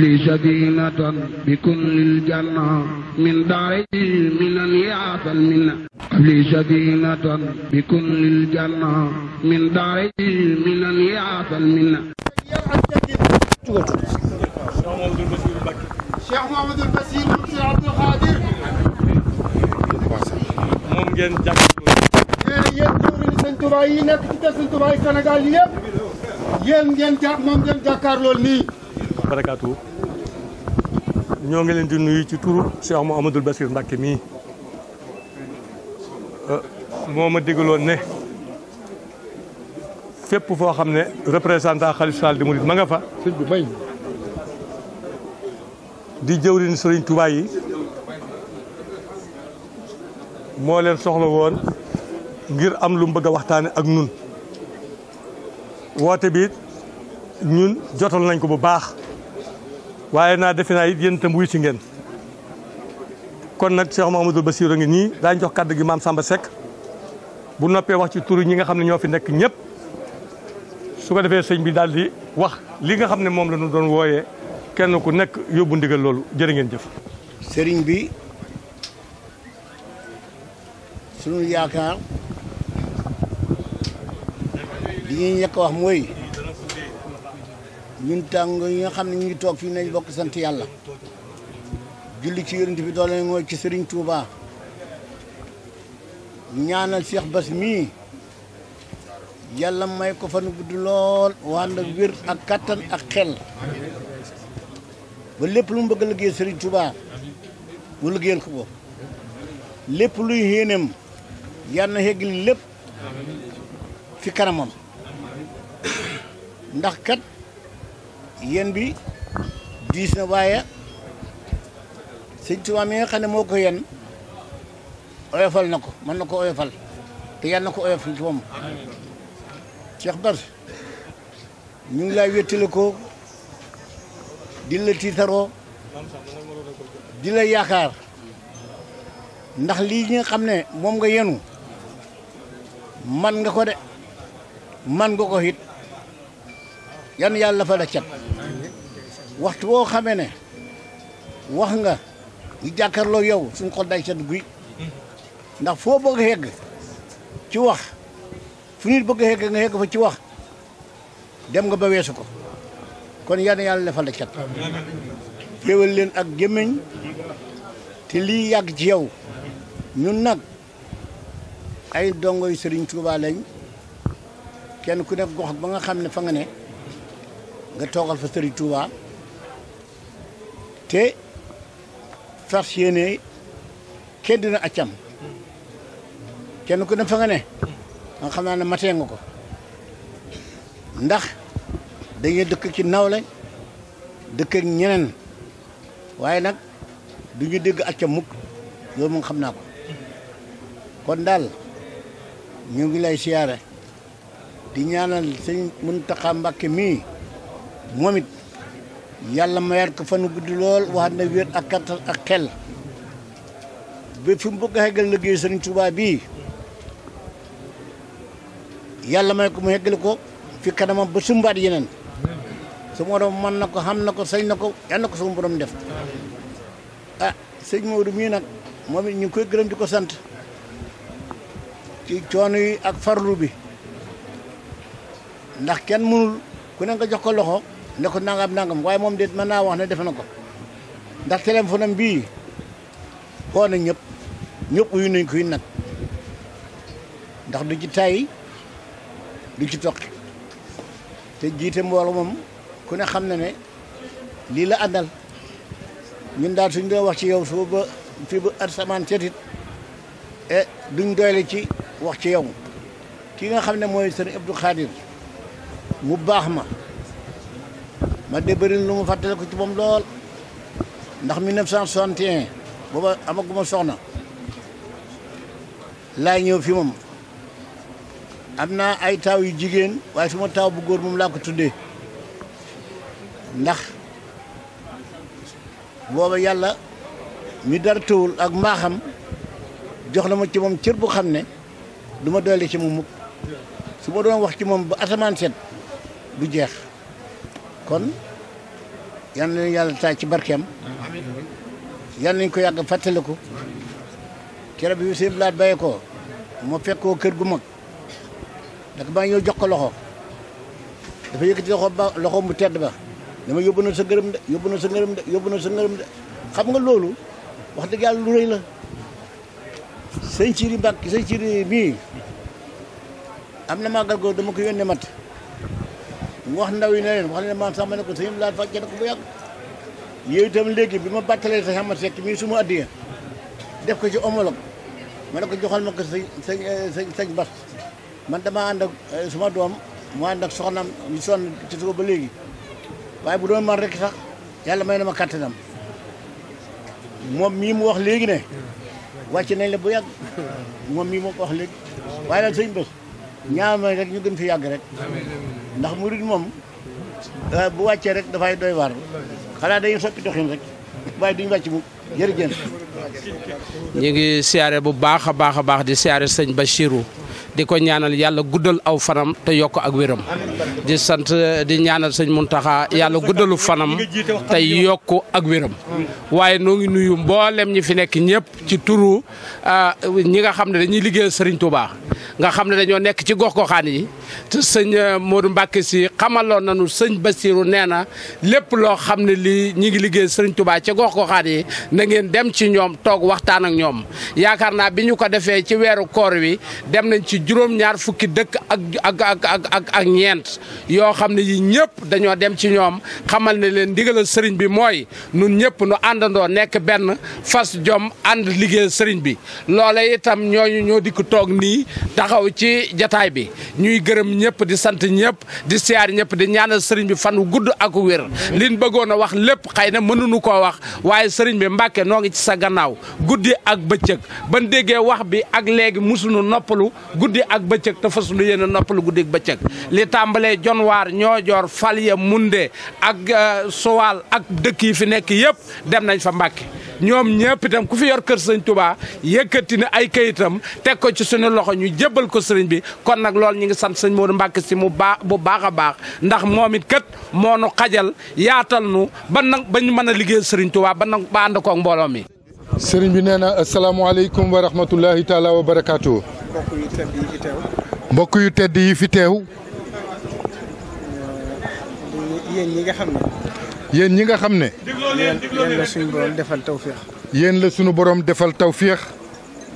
li sadinatan bi kullil janna min daari minan yaatal minna li sadinatan bi kullil janna min daari minan yaatal minna Cheikh Mouhamadoul Bassir Cheikh Abdoul Khadir moom ngeen jàpp nee na yéen jëwriñ Sëñ Tuubaa yi nekk ci Sëñ Tuubaa yi Sénégal yëpp yéen ngeen jàpp moom ngeen jàkkaar lool nii wa barakaatu ñoo ngi leen di nuyu ci turu Cheikh Mouhamadoul Bassir Mbacké mii euh, moo ma digaloon ne fépp foo xam ne représentant xalif sall di murid ma nga fa di jëwlin sëriñ Tuubaa yi moo leen soxla woon ngir am lu mu bëgg a waxtaane ak ñun woote bi ñun jotal nañ ko bu baax waaye naa defe naa it yéen itam wuy si ngeen kon nag Cheikh Mouhamadou Bassirou ngi nii daañu jox kàdd gi maam Samba Seck bu noppee wax ci turu ñi nga xam ne ñoo fi nekk ñépp su ko defee sëñ bi daal di wax li nga xam ne moom la ñu doon wooyee kenn ku nekk yóbbu ndigal loolu jërë ngeen jëf. sëriñ bi sunu yaakaar li ñuy ñàkk wax mooy. ñun tàng yi nga xam ne ñu ngi toog fii nañ bokk sant yàlla julli ci yonent bi doole mooy ci Serigne Touba ñaanal Cheikh Bass mii yàlla may ko fan gudd lool wànd ak wér ak kattan ak xel ba lépp lu mu bëgg a liggéey Serigne Touba mu liggéeyal ko ko lépp luy yéeneem yàlla na yeggali lépp fi kanamam ndax kat. yéen bi diis na waaye sëñ Tuubaa mi nga xam ne moo ko yen oyofal na ko mën na ko oyofal te yàlla na ko oyofal ci moom Cheikh Bar ñu ngi lay wéttali ko di la tiitaroo di yaakaar ndax lii ñi nga xam ne moom nga yenu man nga ko de man nga ko it yan yàlla fa la cat waxtu woo xamee ne wax nga ñu jàkkaarloo yow suñ ko day sedd ndax foo bëgg a yegg ci wax fu nit bëgg a yegg nga yegg fa ci wax dem nga ba weesu ko kon yal yàlla defal la cat féewal leen ak gémmiñ te lii yàgg ci yow ñun nag ay dongoy Serigne Touba lañ kenn ku nekk gox ba nga xam ne fa nga ne nga toogal fa Serigne Touba te fas yéene kenn dina accam kenn ku ne fa ne nga xam naa ne matee nga ko ndax dañuy dëkk ci nawle dëkk ak ñeneen waaye nag du ñu dégg accam mukk loolu moom xam naa ko kon daal ñu ngi lay siyaare di ñaanal sëñ Muntaxa Mbàkke mii moom yàlla mayaat ko fan gudd lool wax na wér ak kattan ak xel ba fi mu bëgg a xeggal liggéey sëriñ Tuubaa bii yàlla may ko mu xeggal ko fi kanamam ba sumbaat yeneen su ma doon mën na ko xam na ko sañ na ko yan na ko sama borom def ah sëñ Maodo mii nag moom it ñu ngi koy gërëm di ko sant ci coono yi ak farlu bi ndax kenn mënul ku ne nga jox ko loxo. ne ko nangam nangam waaye moom de mën naa wax ne defe na ko ndax téléphone am bii woo na ñëpp ñëpp uyu nañ ko yi nag ndax du ci tàyyi du ci toq te jiite mbooloo moom ku ne xam na ne lii la àndal ñun daal suñ doon wax ci yow suba ba fii ba arsamaan setit e duñ doyle ci wax ci yow ki nga xam ne mooy sëriñ Abdou Khadir mu baax ma ma de bëri na lu ma fàttale ko ci moom lool ndax 1961 booba amaguma soxna laay ñëw fi moom am naa ay taaw yu jigéen waaye suma taaw bu góor moom laa ko tuddee ndax booba yàlla mi dara tëwul ak mbaaxam jox na ma ci moom cër bu xam ne duma ma doole ci moom mukk su ma doon wax ci moom ba asamaan set du jeex kon yal na yàlla taaj ci barkeem yan nañ ko yàgg ko keroog bi sëñ Blaat bàyyi ko mu fekkoo kër gu mag ndax maa ñëw jox ko loxo dafa yëkkati loxo ba loxo mu tedd ba dama yóbbu na sa ngërëm de yóbbu na sa ngërëm de na sa ngërëm de xam nga loolu wax dëgg yàlla lu rëy la sëñ Ciri Mbàkke sëñ Ciri mii am na màggal goo dama ko yónnee mat mu wax ndaw yi ne leen wax ne man sax ma ne ko sëñ laat fàcce na ko bu yàgg yow léegi bi ma bàttalee sa xamat sekk mii suma addiya def ko ci homologue ma ne ko joxal ma ko sëñ sëñ sëñ sëñ man damaa ànd ak eh, suma doom mu ànd ak soxnaam ñu sonn ba léegi waaye bu doon man sax yàlla may na ma kàttanam moom mii mu wax léegi ne wàcc nañ la bu yàgg moom mii moo ko wax léegi waaye daal sëñ bés ñaanal rek ñu gën fi yàgg rek ndax murid moom euh, bu wàccee rek dafay doy waar xanaa dañuy soppi doxin rek waaye duñu wàcc mu jërëjëf ñu ngi siyaare bu baax a baax a baax di siyaare sëñ Bachirou di ko ñaanal yàlla guddal aw fanam te yokk ak wéram di sant di ñaanal sëñ Muntaxa yàlla guddalu fanam te yokk ak wéram waaye noo ngi nuyu mboolem ñi fi nekk ñëpp ci turu euh, ñi nga xam ne dañuy liggéeyal Serigne baax nga xam ne ñoo nekk ci gox goxaan yi te sëñ eh, Modou Mbacke si na nañu sëñ Bassirou nee na lépp loo xam ne lii ñi ngi liggéey sëriñ Touba ca gox goxaat yi na ngeen dem ci ñoom toog waxtaan ak ñoom yaakaar naa bi ñu ko defee ci weeru koor wi dem nañ ci juróom-ñaar fukki dëkk ak ak ak ak ak ak ñeent yoo xam ne yi ñëpp dañoo dem ci ñoom xamal na leen ndigalal sëriñ bi mooy nun ñëpp nu àndandoo nekk benn fas jom ànd liggéey sëriñ bi loole itam ñooñu ñoo dikk toog nii taxaw ci jataay bi ñuy gërëm gërëm ñëpp di sant ñëpp di siyaar ñëpp di ñaanal sëriñ bi fan wu gudd ak wér liñ bëggoon a wax lépp xëy na mënuñu koo wax waaye sëriñ bi Mbàkke noo ngi ci sa gannaaw guddi ak bëccëg ban déggee wax bi ak léegi musunu noppalu guddi ak bëccëg te fasunu yéen a noppalu guddi ak bëccëg li tàmbalee jonwaar ñoojoor falya munde ak euh, suwaal ak dëkk yi fi nekk yëpp dem nañ fa Mbàkke ñoom ñëppitam ku fi yor kër sëñ Touba yëkkati na ay kayitam teg ko ci suñu loxo ñu jébbal ko sëriñ bi kon nag loolu ñi ngi sant sëñ Modou Mbacke si mu baax bu baax a baax ndax moom it kat moo nu xajal yaatal nu ba nag ba ñu mën a liggéey sëriñ Touba ba nag ba ànd koog mbooloo mi. sëriñ bi nee na asalaamaaleykum wa rahmatulahi taala wa barakaatu. mbokk yu tedd yi fi teew. mbokk yu tedd yi fi teew. nga xam ne. yéen ñi nga xam ne. yéen la suñu borom defal tawféex. yéen la suñu borom defal tawféex.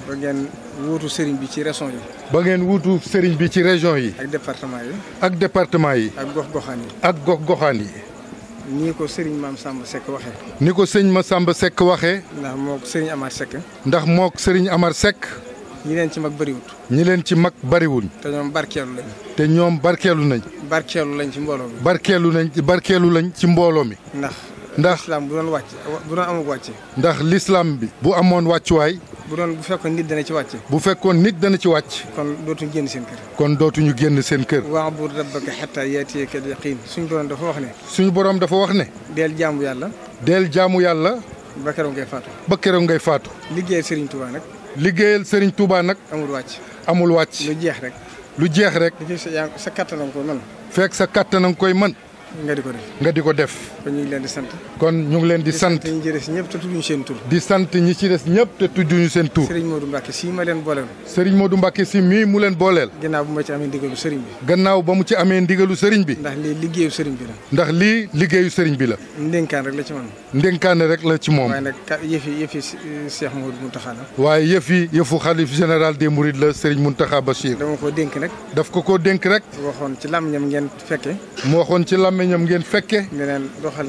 ba ngeen wuutu sëriñ bi ci région yi. ba ngeen wuutu sëriñ bi ci région yi. ak département yi. ak département yi. ak gox goxaan yi. ak gox goxaan yi. ni ko sëriñ maam Samba Seck waxee. ni ko sëñ ma Samba sekk waxee. ndax moog sëriñ Amar Seck. ndax moog sëriñ Amar Seck. ñi leen ci mag bëriwul. ñi leen ci mag bëriwul. te ñoom barkeelu lañ. te ñoom barkeelu nañ. barkeelu lañ ci mbooloo mi. barkeelu nañ barkeelu lañ ci mbooloo mi. ndax ndax lislaam bu doon wàcc bu doon amul ndax lislaam bi. bu amoon wàccuwaay. bu doon bu fekkoon nit dana ci wàcc. bu fekkoon nit dana ci wàcc. kon dootuñu génn seen kër. kon dootuñu génn seen kër. wa'bud rabbaka hattaa yaatiyakal yaqiin. suñu borom dafa wax ne. suñu boroom dafa wax ne. del jaamu yàlla. del jaamu yàlla. ba keroog ngay faatu. ba keroog ngay faatu. liggéeyal Serigne Touba nag. liggéeyal Serigne Touba nag. amul wàcc amul wàcc. lu jeex rek. lu jeex rek. fekk sa kattanang koy mën. fekk sa kattanang koy mën. nga di ko def nga di ko def. kon ñu ngi leen di sant. kon ñu ngi leen di sant. di sant ñi ci des ñëpp te tudduñu seen tur. di sant ñi ci des ñëpp te tudduñu seen tur. Serigne Modou Mbacke si ma leen booleel. Serigne Modou Mbacke si mii mu leen booleel. gannaaw ba mu ci amee ndigalu Serigne bi. gannaaw ba mu ci amee ndigalu Serigne bi. ndax lii liggéeyu Serigne bi la. ndax lii liggéeyu Serigne bi la. ndénkaan rek la ci moom. ndénkaan rek la ci moom. waaye nag yëf yi yëf yi euh, Cheikh Modou Mountakha la. waaye yëf yi yëfu xalif général des Mourides la Serigne Mountakha Bachir. dama ko dénk nag. daf ko koo dénk rek. waxoon ci làmmiñam ngeen fekke. mu waxoon ci làmmiñam làmmiñam ngeen fekke ne neen doxal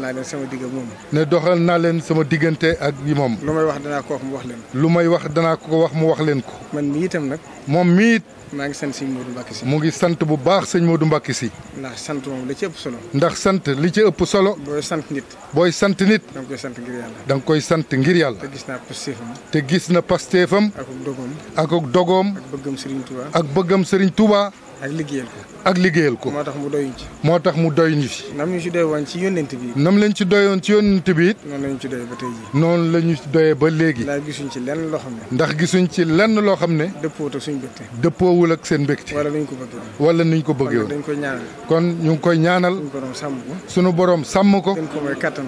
moom ne naa leen sama diggante ak yi moom lu may wax danaa ko wax mu lu may wax danaa ko wax mu wax leen ko man mii itam nag moom mii it maa ngi sant sëñ Modou Mbacke si mu ngi sant bu baax sëñ Modou Mbacke si ndax sant moom li ci ëpp solo ndax sant li ci ëpp solo booy sant nit booy sant nit da koy sant ngir yàlla koy sant ngir yàlla te gis naa te gis na pasteefam ak dogoom ak dogoom ak bëggam Serigne Touba ak bëggam Serigne Touba ak liggéeyal ko. ak liggéeyal ko. moo tax mu doy ñu ci. moo tax mu doy ñu ci. nam ñu ci doy woon ci yónnent bi. nam leen ci doyoon ci yónnent bi it. noonu la ñu ba tey jii. noonu doyee ba léegi. ndax gisuñ ci lenn loo xam ne. ndax gisuñ ci lenn loo xam ne. dëppoowut suñ dëppoowul ak seen mbégte. wala nuñ ko bëggee woon. wala nuñ ko bëggee woon. kon dañ koy ñaanal. kon ñu ngi koy ñaanal. suñu borom sàmm ko. suñu borom sàmm ko. gën kattan.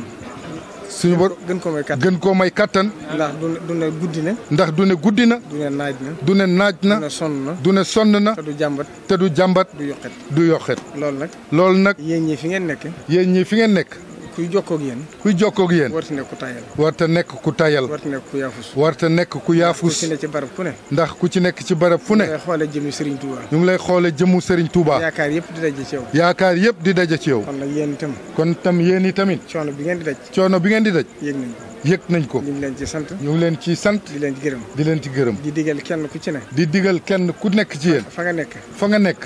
suñu bor gën koo may gën koo may kattan. ndax du ne du guddi na. ndax du ne guddi na. du ne naaj na. du ne naaj na. sonn na. du ne sonn na. te du jàmbat. te du jàmbat. du yoxet du yoxet. loolu nag. loolu nag. yéen ñii fi ngeen nekk. yéen ñii fi ngeen nekk. kuy jokkoo ak kuy jokkoo ak yéen. warta nekk ku tayal. warta nekk ku tayal. warta nekk ku yaafus. nekk ku yaafus. ku ci nekk ci barab fu ndax ku ci nekk ci barab fu ne. ñu ngi lay xoolee jëmu Serigne Touba. lay xoolee jëmu Serigne Touba. yaakaar yëpp di daje ci yow. yaakaar yëpp di daje ci yow. kon nag yéen itam. kon tam yéen itamit. coono bi ngeen di daj. coono bi ngeen di daj. yëg nañ ko. nañ ko ñu ngi leen ci sant ñu ngi leen ci sant di leen ci gërëm di leen ci gërëm di digal kenn ku ci ne di digal kenn ku nekk ci yéen fa nga nekk fa nga nekk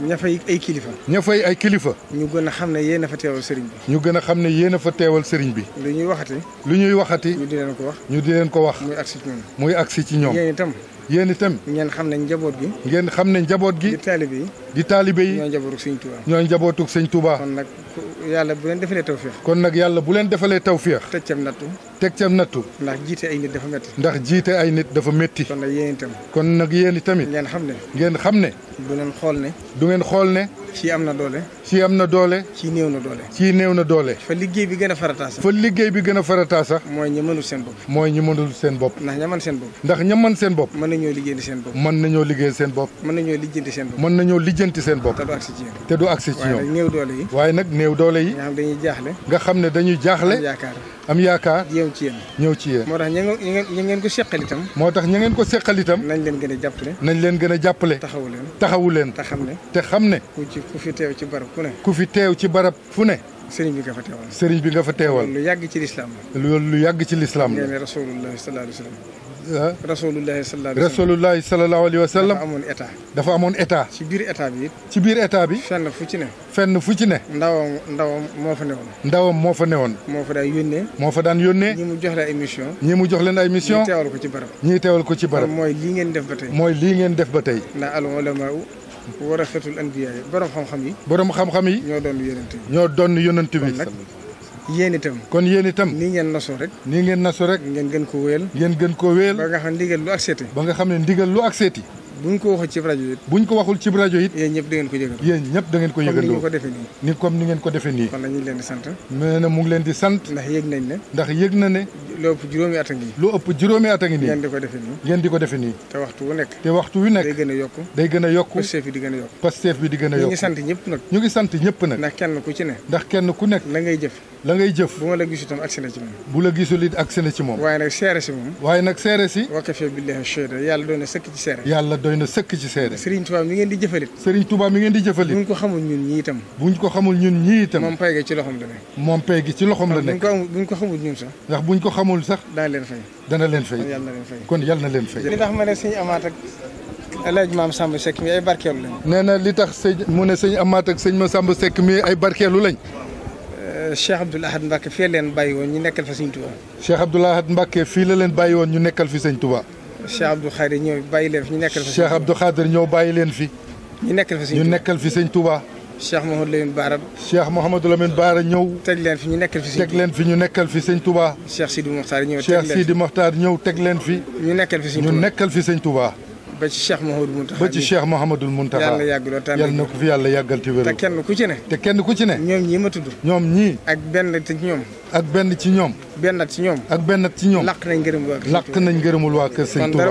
ña fay ay kilifa. ña fay ay kilifa. ñu gën a xam ne yéen a fa teewal sëriñ bi. ñu gën a xam ne yéen a fa teewal sëriñ bi. lu ñuy waxati. lu ñuy waxati. ñu di leen ko wax. ñu di leen ko wax. muy agsi ci ñoom. muy agsi ci ñoom. yéen itam. yéen itam. ngeen xam ne njaboot gi. ngeen xam ne njaboot gi. di taalibe di taalibe yi ñooy njabootug sëñ Touba. ñooy njabootug sëñ Touba. kon nag yàlla bu leen defalee tawféex. kon nag yàlla bu leen defalee tawféex. teg cam nattu. teg cam nattu. ndax jiite ay nit dafa métti. ndax jiite ay nit dafa métti. kon nag yéen tamit kon nag yéen itamit. ngeen xam ne. ngeen xam ne. du ngeen xool ne. du ngeen xool ne. ci am na doole. ci am na doole. ci néew na doole. ci néew na doole. fa liggéey bi gën a farataa sax. fa liggéey bi gën a farataa sax. mooy ñi mënul seen bopp. mooy ñi bopp. ndax ña mën seen bopp. ndax ña mën seen bopp. mën nañoo liggéeyal seen bopp. mën nañoo liggéeyal seen bopp. mën nañoo lijjanti seen bopp. te du agsi ci waaye nag néew doole yi. nga xam dañuy xam ne dañuy jaaxle. am am yaakaar. ñëw ci ñëw ci yéen. ña ngeen ngeen ko seqal itam. moo tax ña ngeen ko seqal itam. leen gën jàppale. nañ leen gën a jàppale. leen taxawu leen. te xam ne te xam ne. ku ci fi teew ci barab fu ku fi teew ci barab fu ne. sëriñ bi nga fa teewal. sëriñ bi nga fa teewal. lu yàgg ci lislaam la. lu yàgg ci lislaam la. nee na rasulullah rasulullahi sallallahu rasulullahi sallallahu alayhi wa sallam dafa amoon état dafa amoon état ci biir état bi ci biir état bi fenn fu ci ne fenn fu ci ne ndawam ndawam moo fa newoon ndawam moo fa newoon moo fa daan yónnee moo fa daan yónnee ñi mu jox ay mission ñi mu jox leen ay mission ñi teewal ko ci barab ñi teewal ko ci barab mooy lii ngeen def ba tey mooy lii ngeen def ba tey ndax al ulama warasatul anbiya borom xam-xam yi borom xam-xam yi ñoo doon yonent bi ñoo doon yonent bi yéen itam kon yéen itam nii ngeen nasoo rek nii ngeen nasoo rek ngeen gën ko wéel ngeen gën ko wéel ba nga xam ne ndigal lu ak ba nga xam ne ndigal lu ak seeti buñ ko waxul ci rajo it buñ ko waxul ci rajo it yéen ñëpp da ngeen ko yëgandoo yéen ñëpp da ngeen ko yëgandoo ko defee nii ni comme ni ngeen ko defee nii kon nag ñu ngi leen di sant nee na mu ngi leen di sant ndax yëg nañ ne ndax yëg na ne lu ëpp juróomi at a ngi lu ëpp juróomi at a ngi nii ngeen di ko defee nii ngeen di ko defee nii te waxtu wu nekk te waxtu wu nekk day gën a yokk day gën a yokk Pastef bi di gën a yokk Pastef bi di gën a yokk ñu ngi sant ñëpp nag ñu ngi sant ñëpp nag ndax kenn ku ci ne ndax kenn ku nekk la ngay jëf la ngay jëf bu ma la gisu tam agsi na ci moom bu la gisul it agsi na ci moom waaye nag seere si moom waaye nag seere si wakafee billahi shahida yàlla doon na sëkk ci seere yàlla doy na sëkk ci seede Serigne Touba mi ngeen di jëfalit Serigne Touba mi ngeen di jëfalit buñ ko xamul ñun ñii itam buñ ko xamul ñun ñii itam moom pay gi ci loxom la nekk moom pay gi ci loxom la nekk buñ ko xamul ñun sax ndax buñ ko xamul sax dana leen fay dana leen fay kon yàlla na leen fay li tax ma ne sëñ Amaat ak Alaaji Maam Samba Seck mi ay barkeelu lañ nee na li tax sëñ mu ne sëñ Amaat ak sëñ ma Samba Seck mi ay barkeelu lañ euh, Cheikh Abdoul Ahad Mbacke fii la leen bàyyi woon ñu nekkal fi sëñ Touba Cheikh Abdoul Ahad Mbacke fii la leen bàyyi woon ñu nekkal fi sëñ Touba Cheikh Abdou Khadir ñëw bàyyi leen fi ñu nekkal fi. Cheikh Abdou Khadir ñëw bàyyi leen fi. ñu nekkal fi sëñ ñu nekkal fi sëñ Touba. Cheikh Mouhamadou Lamine Baara. Cheikh Mouhamadou Lamine ñëw. teg leen fi ñu nekkal fi sëñ leen fi ñu nekkal fi sëñ Touba. Cheikh Sidi Mokhtar ñëw teg leen fi Cheikh ñëw teg leen fi. ñu nekkal fi sëñ Touba nekkal fi sëñ ba ci Cheikh Mouhamadou Mountakha ba ci Cheikh Mouhamadou Mountakha yàlla yàgg loo te kenn ku ci ne te kenn ku ci ne ñoom ñii ma tudd ñoom ñii ak benn ci ñoom benn ci ñoom bennat ci ñoom ak bennat ci ñoom làq nañ ngërëm waa làq nañ ngërëmul waa kër Sëñ Touba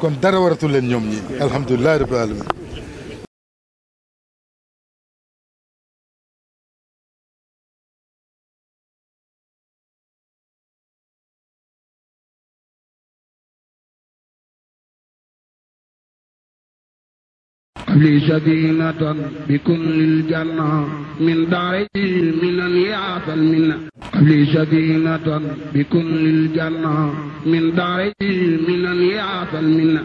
kon dara waratu leen ñoom ndax kon dara waratu leen ñoom ñii alhamdulilah rabbil alamin لي سكينة بكل الجنة من داري من يعطى المنة لي سكينة بكل الجنة من داري من يعطى المنة